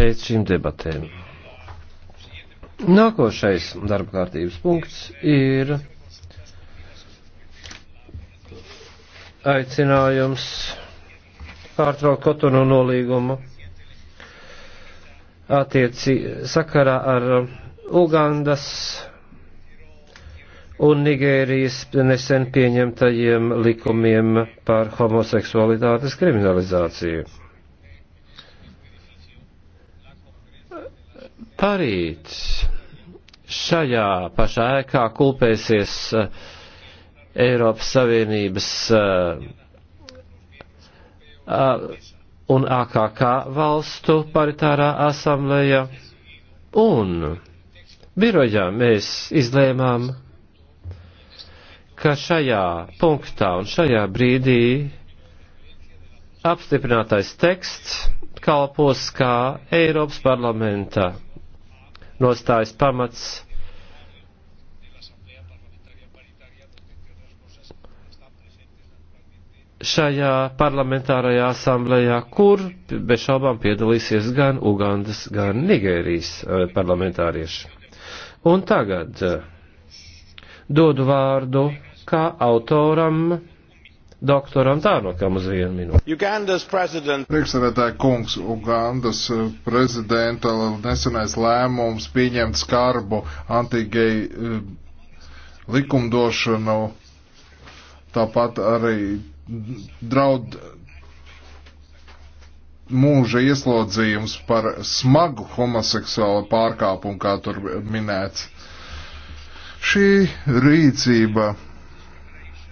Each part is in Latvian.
pēc šīm debatēm. Nākošais darba kārtības punkts ir aicinājums pārtraukt Kotonu nolīgumu attieci sakarā ar Ugandas un Nigērijas nesen pieņemtajiem likumiem par homoseksualitātes kriminalizāciju. Parīt šajā pašā ēkā kulpēsies eh, Eiropas Savienības eh, un AKK valstu paritārā asambleja un birojā mēs izlēmām, ka šajā punktā un šajā brīdī apstiprinātais teksts kalpos kā Eiropas parlamenta nostājas pamats šajā parlamentārajā asamblējā, kur bez šaubām piedalīsies gan Ugandas, gan Nigērijas eh, parlamentārieši. Un tagad eh, dodu vārdu kā autoram doktoram Tārnokam uz vienu minūti. Priekšsēdētāja kungs, Ugandas prezidenta nesenais lēmums pieņemt skarbu antigeju eh, likumdošanu, tāpat arī draud mūža ieslodzījums par smagu homoseksuālu pārkāpumu, kā tur minēts. Šī rīcība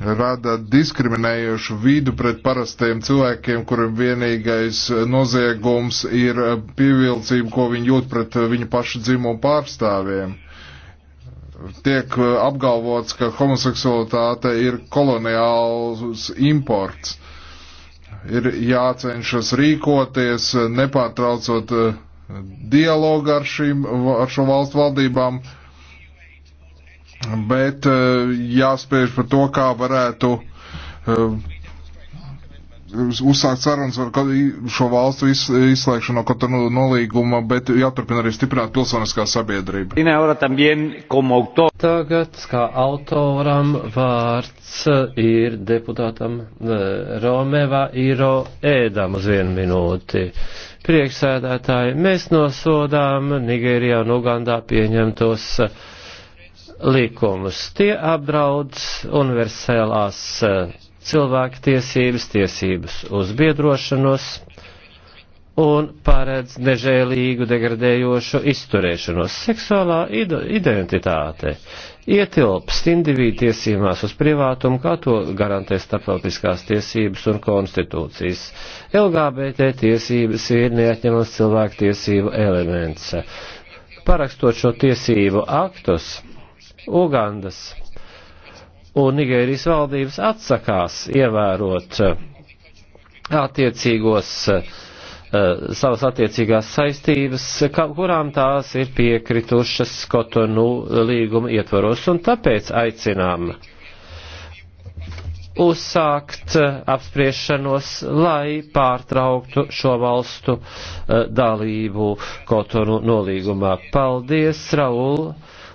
rada diskriminējošu vidu pret parastiem cilvēkiem, kuriem vienīgais eh, noziegums ir eh, pievilcība, ko viņi jūt pret eh, viņu pašu dzimumu pārstāvjiem. Tiek apgalvots, ka homoseksualitāte ir koloniāls imports. Ir jācenšas rīkoties, nepārtraucot dialogu ar, šīm, ar šo valstu valdībām, uh, bet eh, jāspriež par to, kā varētu eh, uzsākt sarunas ar šo valstu izslēgšanu no Kotonu nolīguma, bet jāturpina arī stiprināt pilsoniskā sabiedrība. Tagad kā autoram vārds eh, ir deputātam Romeva Iro ēdam uz vienu minūti. Priekšsēdētāji, mēs nosodām Nigērijā un Ugandā pieņemtos uh, likumus. Tie apdraud universālās eh, cilvēku tiesības, tiesības uz biedrošanos un paredz nežēlīgu degradējošu izturēšanos. Seksuālā identitāte ietilpst individu tiesībās uz privātumu, kā to garantē starptautiskās tiesības un konstitūcijas. LGBT tiesības ir neatņemams cilvēku tiesību elements. Parakstot šo tiesību aktus, Ugandas un Nigērijas valdības atsakās ievērot uh, attiecīgos uh, savas attiecīgās saistības, kurām tās ir piekritušas Kotonu līguma ietvaros, un tāpēc aicinām uzsākt uh, apspriešanos, lai pārtrauktu šo valstu dalību Kotonu nolīgumā. Paldies, Raul!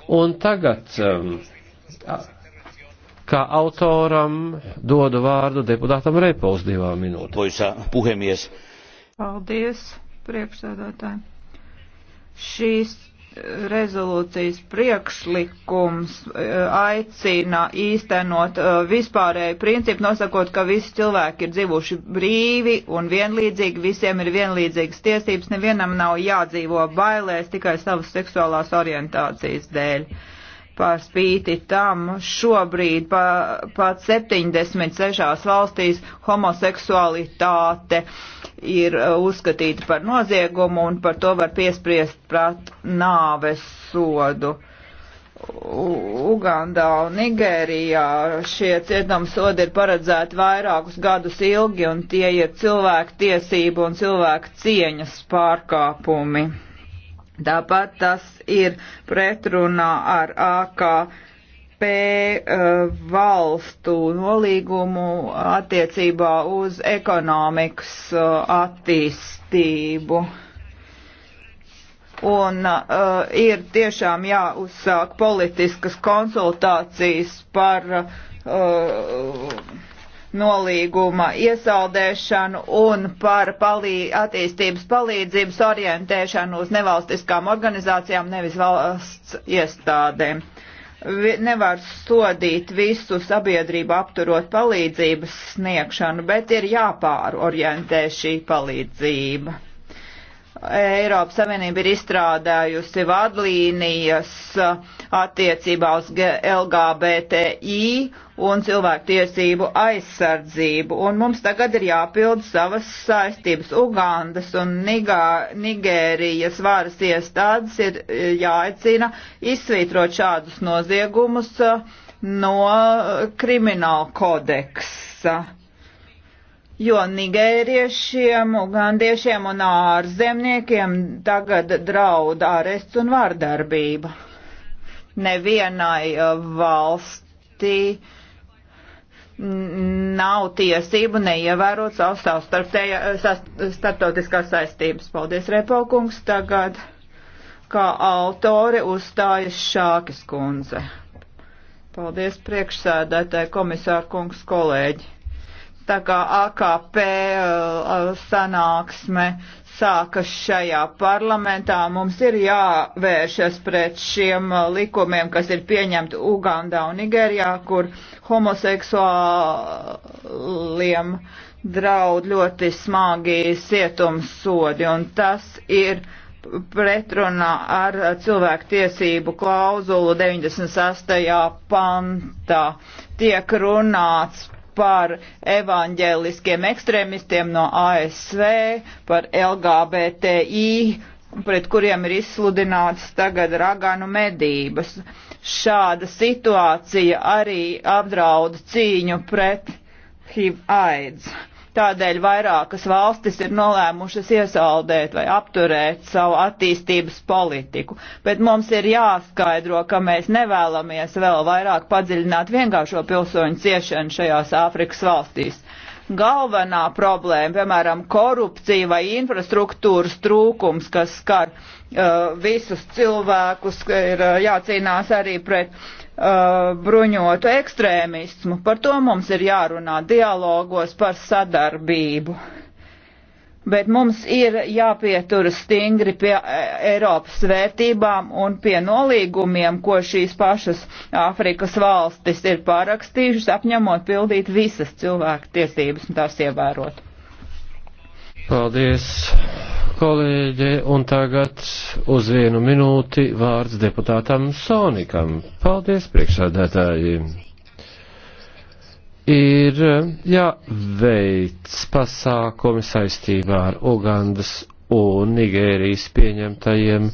Un tagad, um, kā autoram, dodu vārdu deputātam Repols divām minūtēm. Poisā puhemies. Paldies, priekšsēdētāji. Šīs rezolūcijas priekšlikums eh, aicina īstenot eh, vispārēju principu, nosakot, ka visi cilvēki ir dzīvojuši brīvi un vienlīdzīgi, visiem ir vienlīdzīgas tiesības, nevienam nav jādzīvo bailēs tikai savas seksuālās orientācijas dēļ. Uh, Par spīti tam šobrīd pa, pat 76 valstīs homoseksualitāte ir uh, uzskatīta par noziegumu un par to var piespriest prat nāves sodu. Ugandā un Nigērijā šie cietumsodi ir paredzēti vairākus gadus ilgi, un tie ir cilvēku tiesību un cilvēku cieņas pārkāpumi. Tāpat tas ir pretrunā ar AKP eh, valstu nolīgumu attiecībā uz ekonomikas eh, attīstību. Un uh, ir tiešām jāuzsāk politiskas konsultācijas par uh, nolīguma iesaldēšanu un par palī attīstības palīdzības orientēšanu uz nevalstiskām organizācijām, nevis valsts iestādēm. Nevar sodīt visu sabiedrību apturot palīdzības sniegšanu, bet ir jāpārorientē šī palīdzība. Eiropas Savienība ir izstrādājusi vadlīnijas uh, attiecībā uz LGBTI un cilvēktiesību aizsardzību, un mums tagad ir jāpild savas saistības. Ugandas un Nigā, Nigērijas varas iestādes ir uh, jāaicina izsvītrot šādus noziegumus uh, no krimināla kodeksa jo nigēriešiem, ugandiešiem un ārzemniekiem tagad draud ārests un vārdarbība. Nevienai uh, valstī nav tiesību neievērot savu uh, starptautiskās saistības. Paldies, Repaukungs, tagad kā autore uzstājas Šākis kundze. Paldies priekšsēdētāji, komisārkungs, kolēģi tā kā AKP uh, uh, sanāksme sākas šajā parlamentā, mums ir jāvēršas pret šiem uh, likumiem, kas ir pieņemti Ugandā un Nigērijā, kur homoseksuāliem draud ļoti smagi sietums sodi, un tas ir pretrunā ar cilvēku tiesību klauzulu 98. pantā. Tiek runāts par evaņģēliskiem ekstrēmistiem no ASV, par LGBTI, pret kuriem ir izsludināts tagad raganu medības. Šāda situācija arī apdraud cīņu pret HIV aids. Tādēļ vairākas valstis ir nolēmušas iesaldēt vai apturēt savu attīstības politiku. Bet mums ir jāskaidro, ka mēs nevēlamies vēl vairāk padziļināt vienkāršo pilsoņu ciešanu šajās Āfrikas valstīs galvenā problēma, piemēram, korupcija vai infrastruktūras trūkums, kas skar uh, visus cilvēkus, ir uh, jācīnās arī pret Uh, bruņotu ekstrēmismu. Par to mums ir jārunā dialogos par sadarbību. Bet mums ir jāpieturas stingri pie e, Eiropas vērtībām un pie nolīgumiem, ko šīs pašas Āfrikas valstis ir pārakstījušas, apņemot pildīt visas cilvēku tiesības un tās ievērot. Paldies! kolēģe, un tagad uz vienu minūti vārds deputātam Sonikam. Paldies, priekšsādātāji. Ir jāveic pasākumi saistībā ar Ugandas un Nigērijas pieņemtajiem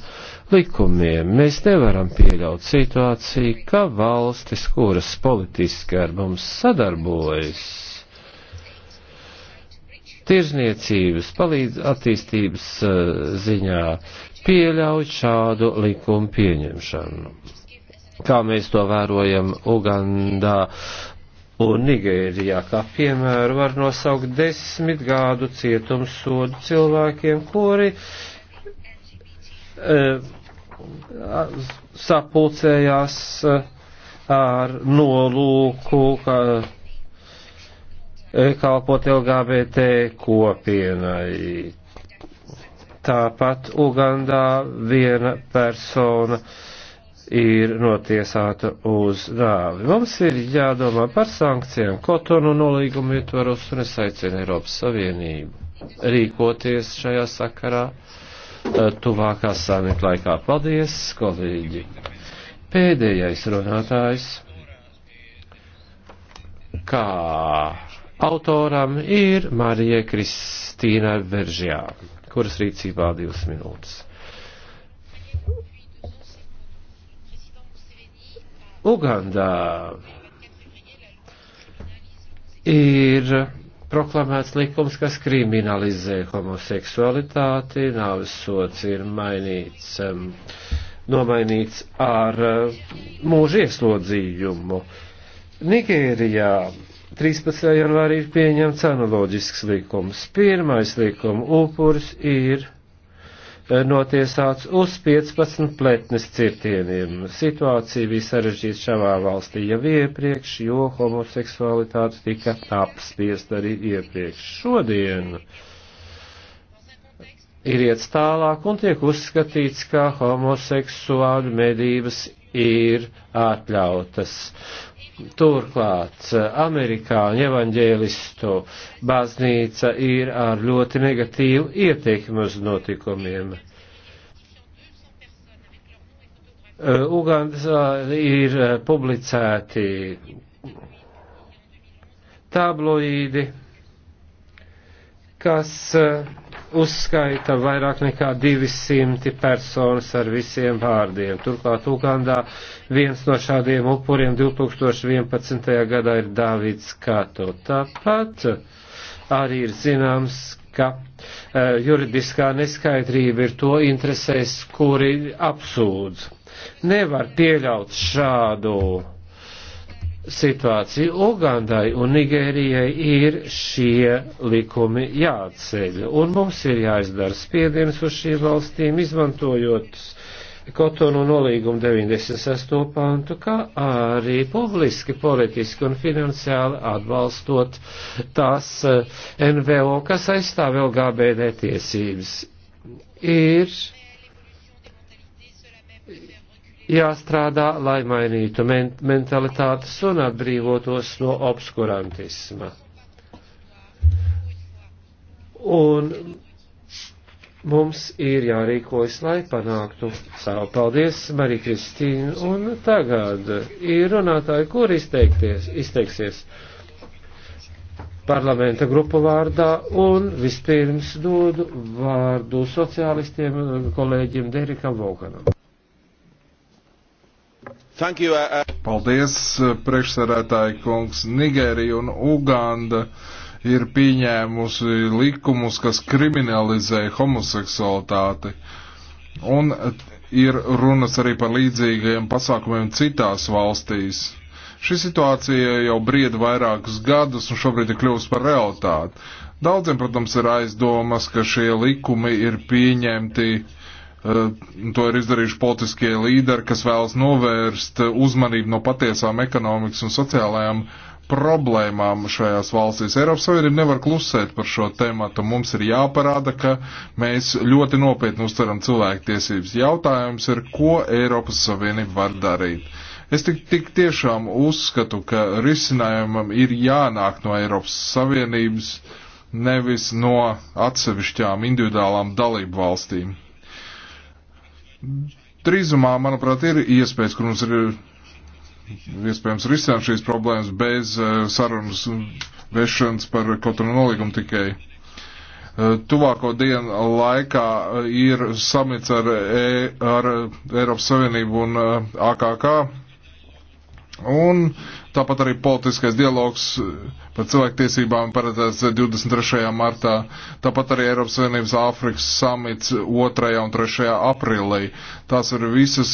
likumiem. Mēs nevaram pieļaut situāciju, ka valstis, kuras politiski ar mums sadarbojas, tirzniecības palīdz attīstības eh, ziņā pieļauj šādu likumu pieņemšanu. Kā mēs to vērojam Ugandā un Nigērijā, kā piemēru, var nosaukt desmit gādu cietumsodu cilvēkiem, kuri e, sapulcējās eh, ar nolūku, ka E, kalpot LGBT kopienai. Tāpat Ugandā viena persona ir notiesāta uz dāvi. Mums ir jādomā par sankcijām, kotonu nolīgumu ietvaros un es aicinu Eiropas Savienību rīkoties šajā sakarā e, tuvākā samita laikā. Paldies, kolēģi! Pēdējais runātājs. Kā? autoram ir Marija Kristīna Veržjā, kuras rīcībā divas minūtes. Ugandā ir proklamēts likums, kas kriminalizē homoseksualitāti, nāves sots ir mainīts, um, nomainīts ar uh, mūža ieslodzījumu. Nigērijā 13. janvārī ir pieņemts analoģisks likums. Pirmais likuma upuris ir e, notiesāts uz 15 pletnes cirtieniem. Situācija bija sarežģīta šavā valstī jau iepriekš, jo homoseksualitāte tika apspiest arī iepriekš. Šodien ir iet tālāk un tiek uzskatīts, ka homoseksuāļu medības ir atļautas. Turklāt eh, amerikāņu evaņģēlistu baznīca ir ar ļoti negatīvu ietekmi uz notikumiem. Eh, Ugandā eh, ir publicēti tabloīdi, kas uh, uzskaita vairāk nekā 200 personas ar visiem vārdiem. Turklāt Ugandā viens no šādiem upuriem 2011. gadā ir Dāvids Kato. Tāpat arī ir zināms, ka uh, juridiskā neskaidrība ir to interesēs, kuri apsūdz. Nevar pieļaut šādu situāciju. Ugandai un Nigērijai ir šie likumi jāatceļ, un mums ir jāizdara spiediens uz šīm valstīm, izmantojot Kotonu nolīgumu 96. pantu, kā arī publiski, politiski un finansiāli atbalstot tās eh, NVO, kas aizstāv LGBT tiesības. Ir jāstrādā, lai mainītu mentalitātes un atbrīvotos no obskurantisma. Un mums ir jārīkojas, lai panāktu savu paldies, Marija Kristīna, un tagad ir runātāji, kur izteikties, izteiksies parlamenta grupu vārdā, un vispirms dodu vārdu sociālistiem kolēģiem Derikam Voganam. Uh, uh, Paldies, uh, priekšsarētāji kungs. Nigērija un Uganda ir pieņēmusi likumus, kas kriminalizē homoseksualitāti. Un ir runas arī par līdzīgiem pasākumiem citās valstīs. Šī situācija jau brieda vairākus gadus un šobrīd ir kļuvusi par realitāti. Daudziem, protams, ir aizdomas, ka šie likumi ir pieņemti uh, Eh, to ir izdarījuši politiskie līderi, kas vēlas novērst uzmanību no patiesām ekonomikas un sociālajām problēmām šajās valstīs. Eiropas Savienība nevar klusēt par šo tēmatu. Mums ir jāparāda, ka mēs ļoti nopietni uztveram cilvēku tiesības. Jautājums ir, ko Eiropas Savienība var darīt. Es tik, tik tiešām uzskatu, ka risinājumam ir jānāk no Eiropas Savienības, nevis no atsevišķām individuālām dalību valstīm. Trīzumā, manuprāt, ir iespējas, kur mums ir iespējams risināt šīs problēmas bez eh, sarunas vešanas par kaut kādu nolīgumu tikai. Eh, tuvāko dienu laikā eh, ir samits ar, e, ar Eiropas Savienību un AKK. Un uh, Tāpat arī politiskais dialogs eh, par cilvēktiesībām paredzēts 23. Eh, martā. Tāpat arī Eiropas Savienības Āfrikas samits 2. un 3. aprīlī. Tās ir visas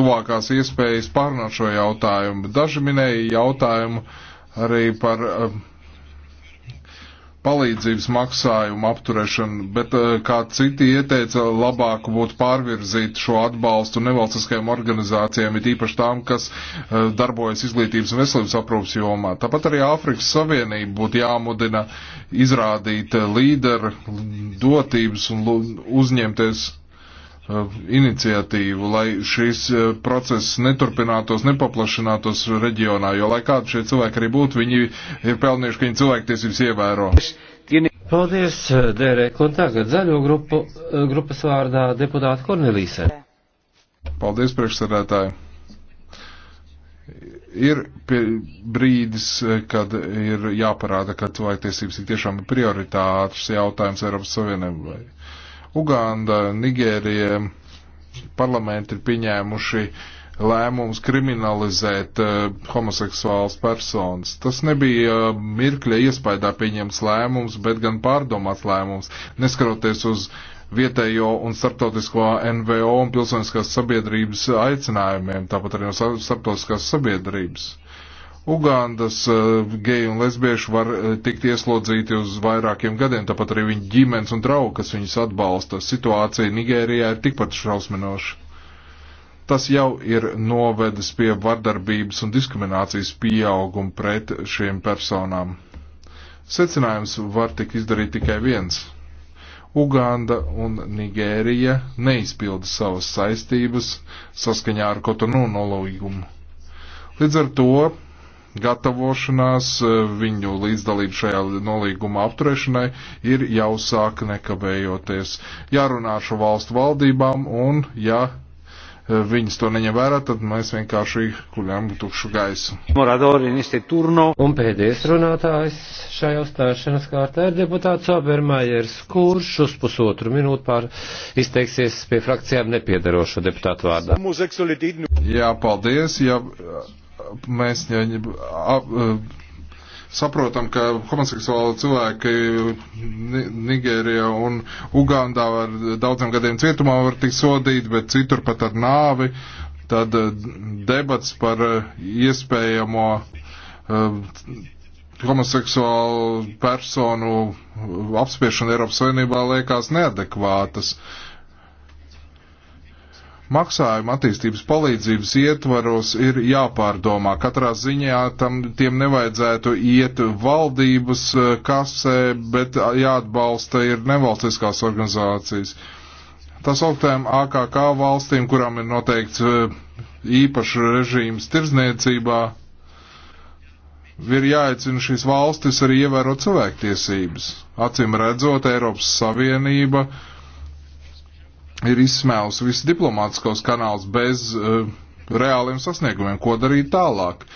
tuvākās iespējas pārnāt šo jautājumu. Daži minēja jautājumu arī par eh, palīdzības maksājumu apturēšanu, bet eh, kā citi ieteica, labāk būtu pārvirzīt šo atbalstu nevalstiskajām organizācijām, it īpaši tām, kas eh, darbojas izglītības un veselības aprūpas jomā. Tāpat arī Āfrikas Savienība būtu jāmudina izrādīt eh, līderu dotības un uzņemties Eh, iniciatīvu, lai šis eh, process neturpinātos, nepaplašinātos reģionā, jo lai kādi šie cilvēki arī būtu, viņi ir pelnījuši, ka viņi cilvēktiesības ievēro. Paldies, eh, Dērēk, un tagad zaļo grupu, grupas vārdā deputāta Kornelīse. Paldies, priekšsēdētāji. Ir brīdis, kad ir jāparāda, ka cilvēktiesības ir tiešām prioritātes jautājums Eiropas Savienībai. Uh, Uganda, Nigērija parlamenti ir pieņēmuši lēmums kriminalizēt uh, eh, homoseksuāls personas. Tas nebija uh, mirkļa iespaidā pieņemts lēmums, bet gan pārdomāts lēmums, neskaroties uz vietējo un starptautisko NVO un pilsoniskās sabiedrības aicinājumiem, tāpat arī no starptautiskās sabiedrības. Ugandas eh, geju un lesbiešu var eh, tikt ieslodzīti uz vairākiem gadiem, tāpat arī viņu ģimenes un draugi, kas viņus atbalsta. Situācija Nigērijā ir tikpat šausminoša. Tas jau ir novedis pie vardarbības un diskriminācijas pieauguma pret šiem personām. Secinājums var tik izdarīt tikai viens. Uganda un Nigērija neizpilda savas saistības saskaņā ar Kotonu nolīgumu. Līdz ar to gatavošanās, eh, viņu līdzdalību šajā nolīguma apturēšanai ir jāuzsāk nekavējoties. Jārunā ar šo valstu valdībām un, ja eh, viņas to neņem vērā, tad mēs vienkārši kuļām tukšu gaisu. Un pēdējais runātājs šajā uzstāšanas kārtā ir deputāts Obermajers, kurš uz pusotru minūtu pār izteiksies pie frakcijām nepiedarošo deputātu vārdā. Nu- Jā, paldies. Jā, mēs eh, saprotam, ka homoseksuāli cilvēki Nigērijā un Ugandā ar daudziem gadiem cietumā var tikt sodīti, bet citur pat ar nāvi. Tad eh, debats par eh, iespējamo homoseksuālu personu apspiešanu Eiropas Savienībā liekas neadekvātas. Uh, maksājuma attīstības palīdzības ietvaros ir jāpārdomā. Katrā ziņā tam, tiem nevajadzētu iet valdības eh, kasē, bet jāatbalsta ir nevalstiskās organizācijas. Tas augtējiem AKK valstīm, kurām ir noteikts eh, īpašs režīms tirzniecībā, ir jāicina šīs valstis arī ievērot cilvēktiesības. Acim redzot, Eiropas Savienība uh, ir izsmēlus visus diplomātiskos kanālus bez uh, reāliem sasniegumiem, ko darīt tālāk.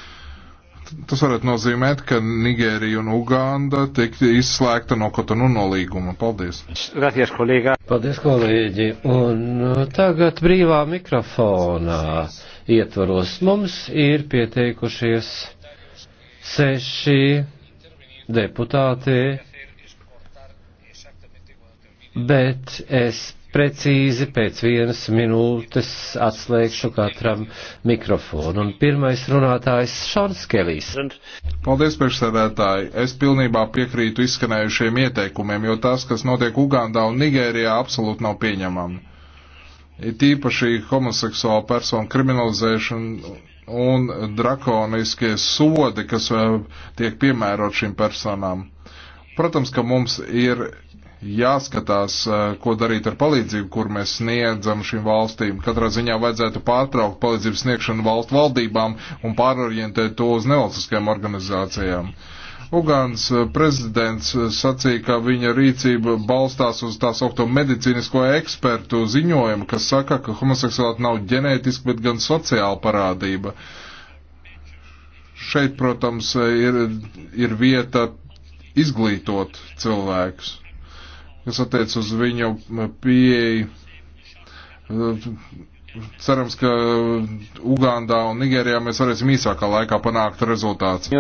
Tas varētu nozīmēt, ka Nigērija un Uganda tiks izslēgta no Kotonu nolīguma. Paldies. Gracias, kolēģi. Paldies, kolēģi. Un eh, tagad brīvā mikrofonā ietvaros mums ir pieteikušies seši deputāti, bet es precīzi pēc vienas minūtes atslēgšu katram mikrofonu. Un pirmais runātājs Šons Kelijs. Paldies, priekšsēdētāji. Es pilnībā piekrītu izskanējušiem ieteikumiem, jo tas, kas notiek Ugandā un Nigērijā, absolūti nav pieņemami. Ir tīpaši homoseksuāla persona kriminalizēšana un drakoniskie sodi, kas eh, tiek piemērot šīm personām. Protams, ka mums ir jāskatās, ko darīt ar palīdzību, kur mēs sniedzam šīm valstīm. Katrā ziņā vajadzētu pārtraukt palīdzības sniegšanu valstu valdībām un pārorientēt to uz nevalstiskajām organizācijām. Ugāns prezidents sacīja, ka viņa rīcība balstās uz tās augto medicīnisko ekspertu ziņojumu, kas saka, ka homoseksualitāte nav ģenētiska, bet gan sociāla parādība. Šeit, protams, ir, ir vieta izglītot cilvēkus kas attiec uz viņu pieeju. Cerams, ka Ugandā un Nigērijā mēs varēsim īsākā laikā panākt rezultāts.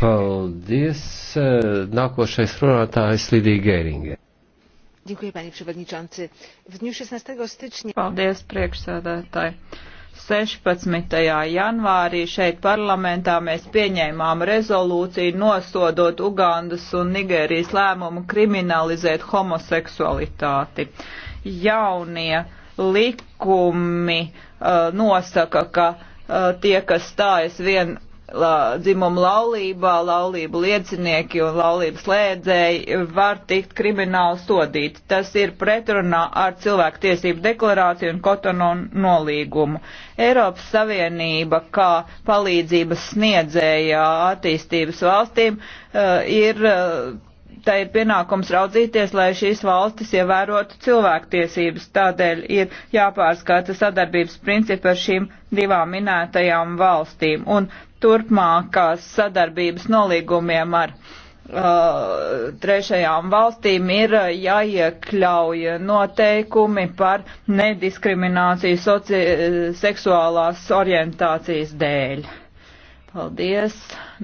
Paldies. Nākošais runātājs Lidija Gēringe. Dziękuję, panie przewodniczący. W dniu 16 stycznia. Paldies, priekšsēdētāji. 16. janvārī šeit parlamentā mēs pieņēmām rezolūciju nosodot Ugandas un Nigērijas lēmumu kriminalizēt homoseksualitāti. Jaunie likumi uh, nosaka, ka uh, tie, kas stājas vien la, dzimumu laulībā, laulību liecinieki un laulības lēdzēji var tikt krimināli sodīti. Tas ir pretrunā ar cilvēku tiesību deklarāciju un kotonu nolīgumu. Eiropas Savienība kā palīdzības sniedzējā attīstības valstīm eh, ir eh, tā ir pienākums raudzīties, lai šīs valstis ievērotu cilvēktiesības. Tādēļ ir jāpārskata sadarbības principi ar šīm divām minētajām valstīm. Un turpmākās sadarbības nolīgumiem ar Uh, trešajām valstīm ir uh, jāiekļauj noteikumi par nediskrimināciju soci uh, seksuālās orientācijas dēļ. Paldies.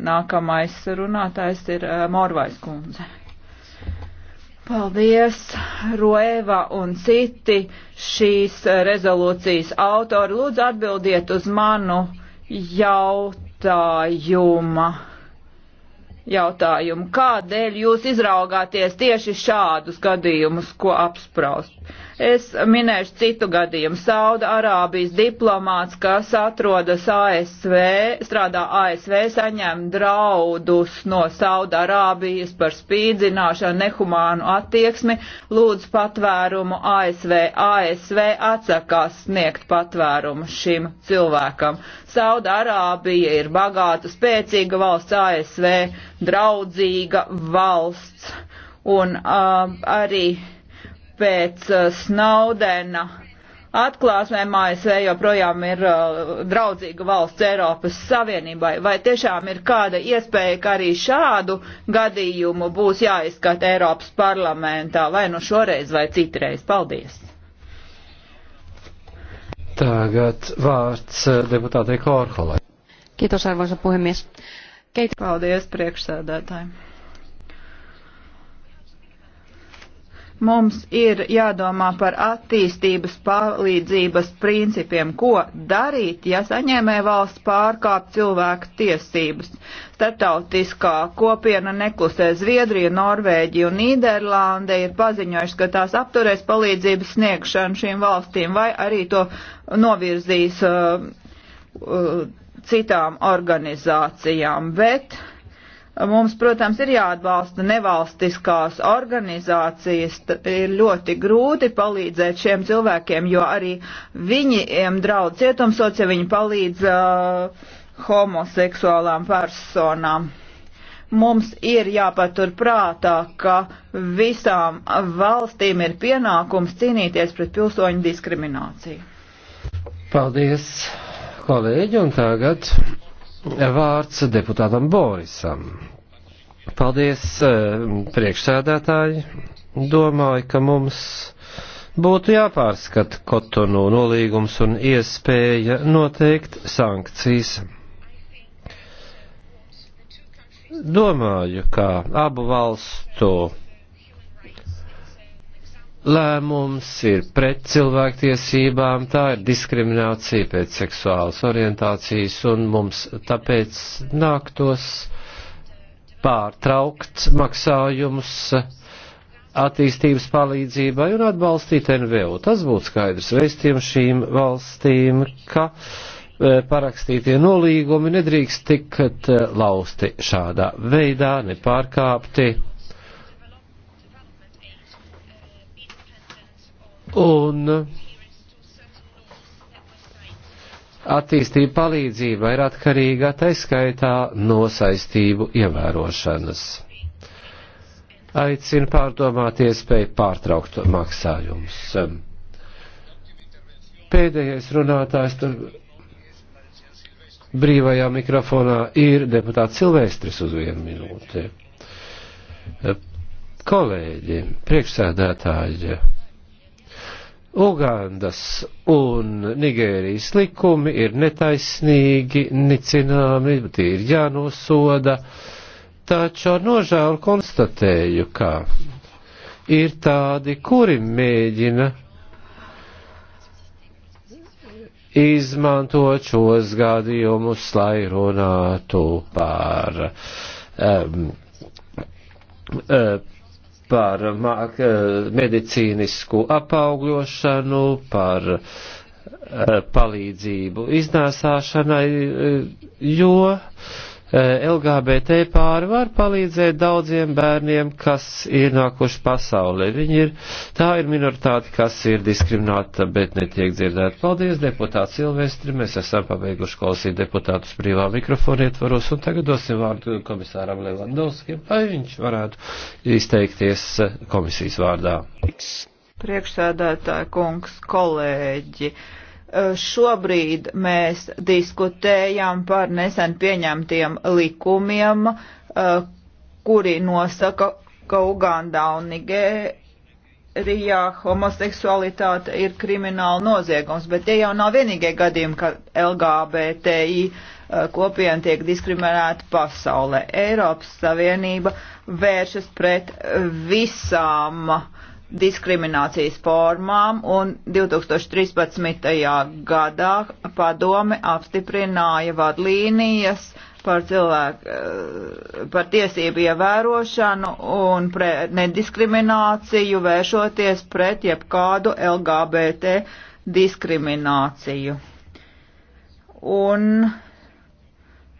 Nākamais runātājs ir uh, Morvais kundze. Paldies, Roeva un citi šīs uh, rezolūcijas autori. Lūdzu atbildiet uz manu jautājumu jautājuma. Jautājumu, kādēļ jūs izraugāties tieši šādus gadījumus, ko apspraust? Es minēšu citu gadījumu. Sauda Arābijas diplomāts, kas atrodas ASV, strādā ASV, saņem draudus no Sauda Arābijas par spīdzināšanu, nehumānu attieksmi, lūdz patvērumu ASV. ASV atsakās sniegt patvērumu šim cilvēkam. Sauda Arābija ir bagāta, spēcīga valsts, ASV draudzīga valsts. Un uh, arī pēc eh, Snaudena atklāsmēm ASV joprojām ir uh, draudzīga valsts Eiropas Savienībai. Vai tiešām ir kāda iespēja, ka arī šādu gadījumu būs jāizskata Eiropas parlamentā, vai nu šoreiz, vai citreiz? Paldies! Tagad vārds eh, deputātei Korholai. Kiitos, arvoisa puhemies. Keit... Paldies priekšsēdētājiem. Mums ir jādomā par attīstības palīdzības principiem, ko darīt, ja saņēmē valsts pārkāp cilvēku tiesības. Startautiskā kopiena neklusē Zviedrija, Norvēģija un Nīderlande ir paziņojuši, ka tās apturēs palīdzības sniegšanu šīm valstīm vai arī to novirzīs uh, uh, citām organizācijām. Bet Mums, protams, ir jāatbalsta nevalstiskās organizācijas. Ir ļoti grūti palīdzēt šiem cilvēkiem, jo arī viņiem draudz cietumsots, ja viņi palīdz uh, homoseksuālām personām. Mums ir jāpatur prātā, ka visām valstīm ir pienākums cīnīties pret pilsoņu diskrimināciju. Paldies, kolēģi, un tagad Vārds deputātam Borisam. Paldies, eh, priekšsēdētāji. Domāju, ka mums būtu jāpārskata Kotonu nolīgums un iespēja noteikt sankcijas. Domāju, ka abu valstu lēmums ir pret cilvēktiesībām, tā ir diskriminācija pēc seksuālas orientācijas, un mums tāpēc nāktos pārtraukt maksājumus attīstības palīdzībai un atbalstīt NVO. Tas būtu skaidrs vēstījums šīm valstīm, ka e, parakstītie nolīgumi nedrīkst tikt e, lausti šādā veidā, nepārkāpti Un attīstība palīdzība ir atkarīga taiskaitā no saistību ievērošanas. Aicinu pārdomāt iespēju pārtraukt maksājumus. Pēdējais runātājs tur brīvajā mikrofonā ir deputāts Silvestris uz vienu minūti. Kolēģi, priekšsēdētāji Ugandas un Nigērijas likumi ir netaisnīgi, nicināmi, tie ir jānosoda, taču ar nožēlu konstatēju, ka ir tādi, kuri mēģina izmantot šos gadījumus, lai runātu par um, um, par eh, medicīnisku apaugļošanu, par eh, palīdzību iznāsāšanai, eh, jo Eh, LGBT pāri var palīdzēt daudziem bērniem, kas ir nākuši pasaulē. Viņi ir, tā ir minoritāte, kas ir diskrimināta, bet netiek dzirdēta. Paldies, deputāts Silvestri, mēs esam pabeiguši klausīt deputātus privā mikrofonu ietvaros, un tagad dosim vārdu komisāram Levandovskim, lai viņš varētu izteikties eh, komisijas vārdā. Priekšsēdētāja kungs, kolēģi. Eh, šobrīd mēs diskutējam par nesen pieņemtiem likumiem, eh, kuri nosaka, ka Ugandā un Nigērijā homoseksualitāte ir krimināla noziegums, bet tie jau nav vienīgie gadījumi, kad LGBTI eh, kopiena tiek diskriminēta pasaulē. Eiropas Savienība vēršas pret visām uh, diskriminācijas formām, un 2013. gadā padome apstiprināja vadlīnijas par cilvēku, eh, par tiesību ievērošanu un pre, nediskrimināciju vēršoties pret jebkādu LGBT diskrimināciju. Un uh,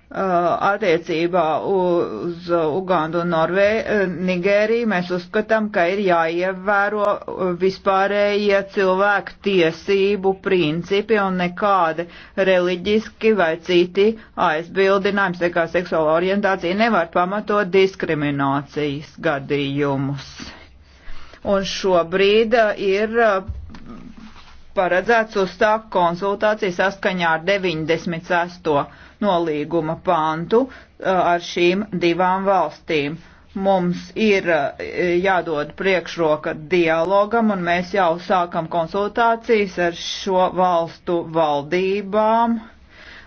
Uh, attiecībā uz Ugandu un Norvē, uh, Nigēriju mēs uzskatām, ka ir jāievēro vispārējie cilvēku tiesību principi un nekādi reliģiski vai citi aizbildinājums, kā seksuāla orientācija nevar pamatot diskriminācijas gadījumus. Un šobrīd uh, ir paredzēts uzstākt konsultācijas saskaņā ar 96. nolīguma pantu ar šīm divām valstīm. Mums ir jādod priekšroka dialogam, un mēs jau sākam konsultācijas ar šo valstu valdībām,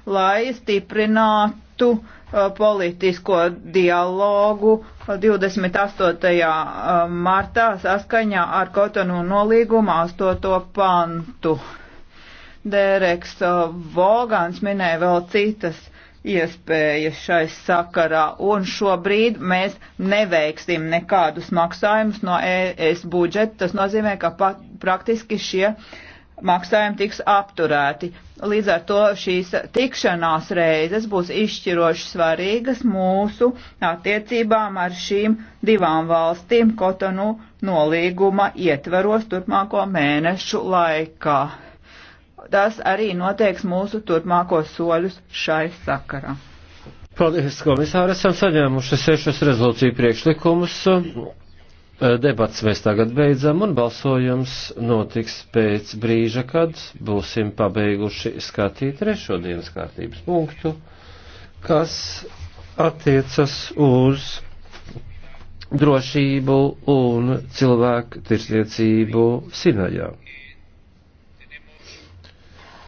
lai stiprinātu uh, Uh, politisko dialogu 28. Uh, uh, martā saskaņā ar Kotonu nolīgumu 8. pantu. Dēreks Vogans minēja vēl citas iespējas šai sakarā, un šobrīd mēs neveiksim nekādus maksājumus no ES budžeta. Tas nozīmē, ka pat, praktiski šie uh, maksājumi tiks apturēti. Līdz ar to šīs tikšanās reizes būs izšķiroši svarīgas mūsu attiecībām ar šīm divām valstīm Kotonu nolīguma ietveros turpmāko mēnešu laikā. Tas arī noteiks mūsu turpmāko soļus šai sakarā. Paldies, komisāri, esam saņēmuši sešus rezolūciju priekšlikumus. Eh, debats mēs tagad beidzam un balsojums notiks pēc brīža, kad būsim pabeiguši skatīt trešo dienas kārtības punktu, kas attiecas uz drošību un cilvēku tirsniecību Sinajā.